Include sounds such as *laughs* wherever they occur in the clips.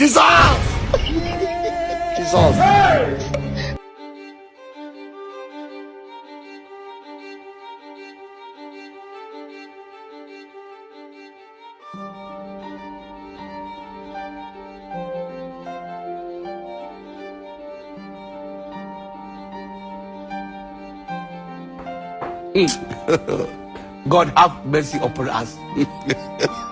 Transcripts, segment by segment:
Dissolve! Dissolve. Hmm. *laughs* God have mercy upon us. *laughs*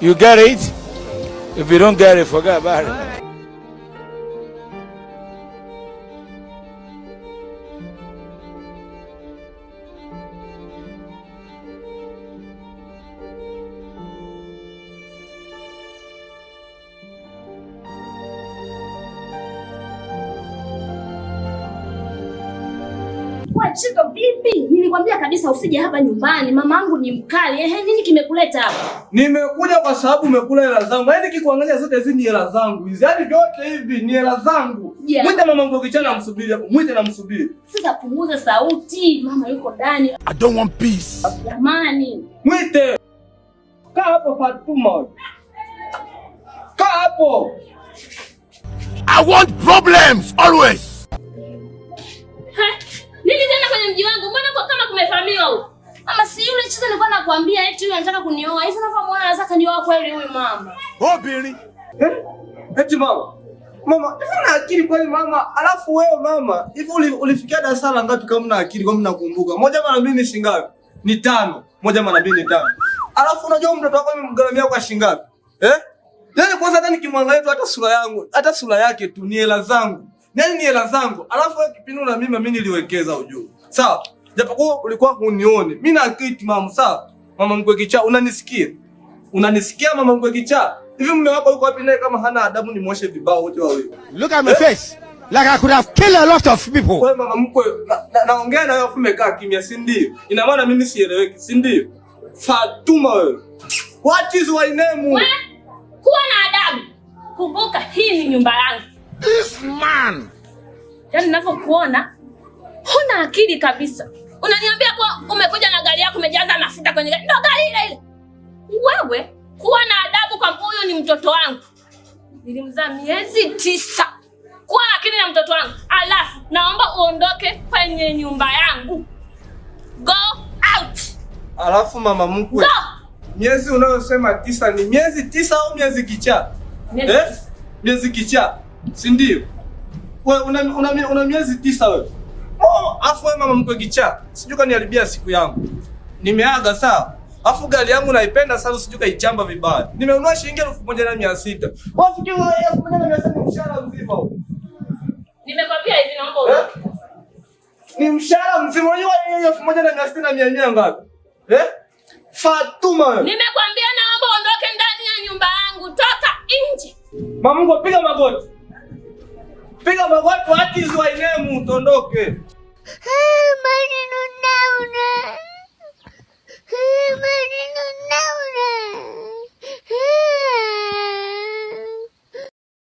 You get it? If you don't get it, forget about it. Tatizo vipi? Nilikwambia kabisa usije hapa nyumbani, mama mamangu ni mkali. Ehe, nini kimekuleta hapa? Nimekuja kwa sababu umekula hela zangu. Yaani kikuangalia zote hizi ni hela zangu. Hizi yaani vyote hivi ni hela zangu. Yeah. Mwite mama mamangu kichana yeah. msubiri hapo. mwite na msubiri. Sasa punguza sauti. Mama yuko ndani. I don't want peace. Jamani. Mwite. Kaa hapo Fatuma. Kaa hapo. I want problems always mji wangu, mbona kwa kama kumefahamiwa huko? Mama si yule chizo nilikuwa nakwambia eti yule anataka kunioa. Hivi unafa muona anataka kanioa kweli huyu mama. Oh, Bili. Eh? Eti mama. Mama, hivi una akili kweli mama? Alafu wewe mama, hivi uli, ulifikia darasa la ngapi kama una akili kama unakumbuka? Moja mara mbili ni shingapi? Ni tano. Moja mara mbili ni tano. Alafu unajua mtoto wako amemgaramia kwa shingapi? Eh? Yaani kwanza hata nikimwangalia tu hata sura yangu, hata sura yake tu ni hela zangu. Nani ni hela zangu. Alafu wewe kipindi na mimi mimi niliwekeza ujuu sawa? Japokuwa ulikuwa hunioni mimi na akili mama, sawa? Mama mkwe kichaa, unanisikia? Unanisikia mama mkwe kichaa? Hivi mume wako yuko wapi naye kama hana adabu ni mwoshe vibao wote wawili? Look at my face. Like I could have killed a lot of people. Wewe mama mkwe, naongea na wewe afu umekaa kimya, si ndio? Ina maana mimi sieleweki, si ndio? Fatuma wewe. What is your name? We, kuwa na adabu. Kumbuka hii ni nyumba yangu. This man. Yaani ninavyokuona Una akili kabisa. Unaniambia kwa umekuja na gari yako umejaza mafuta kwenye gari. Ndio gari ile ile. Wewe kuwa na adabu kwa huyo ni mtoto wangu. Nilimzaa miezi tisa. Kuwa akili na mtoto wangu. Alafu naomba uondoke kwenye nyumba yangu. Go out. Alafu mama mkwe. Go. Miezi unayosema tisa ni miezi tisa au miezi kichaa? Miezi, eh? Miezi kichaa. Si ndio? Wewe una, una, una miezi tisa wewe. Afu wewe mama mkwe kichaa, sijui kaniharibia siku yangu. Nimeaga sawa. Afu gari yangu naipenda sana, sijui kaichamba vibaya. Nimeunua shilingi elfu moja na mia sita. Wafikiri wewe elfu moja na mia sita mshahara mzima huo. Nimekwambia hivi naomba eh? uondoke. Ni mshahara mzima wewe elfu moja na mia sita na mia mia ngapi? Eh? Fatuma wewe. Nimekwambia naomba uondoke ndani ya nyumba yangu. Toka nje. Mama mkwe piga magoti. Piga magoti, what is your name? Utondoke. 啊，把你弄哪样？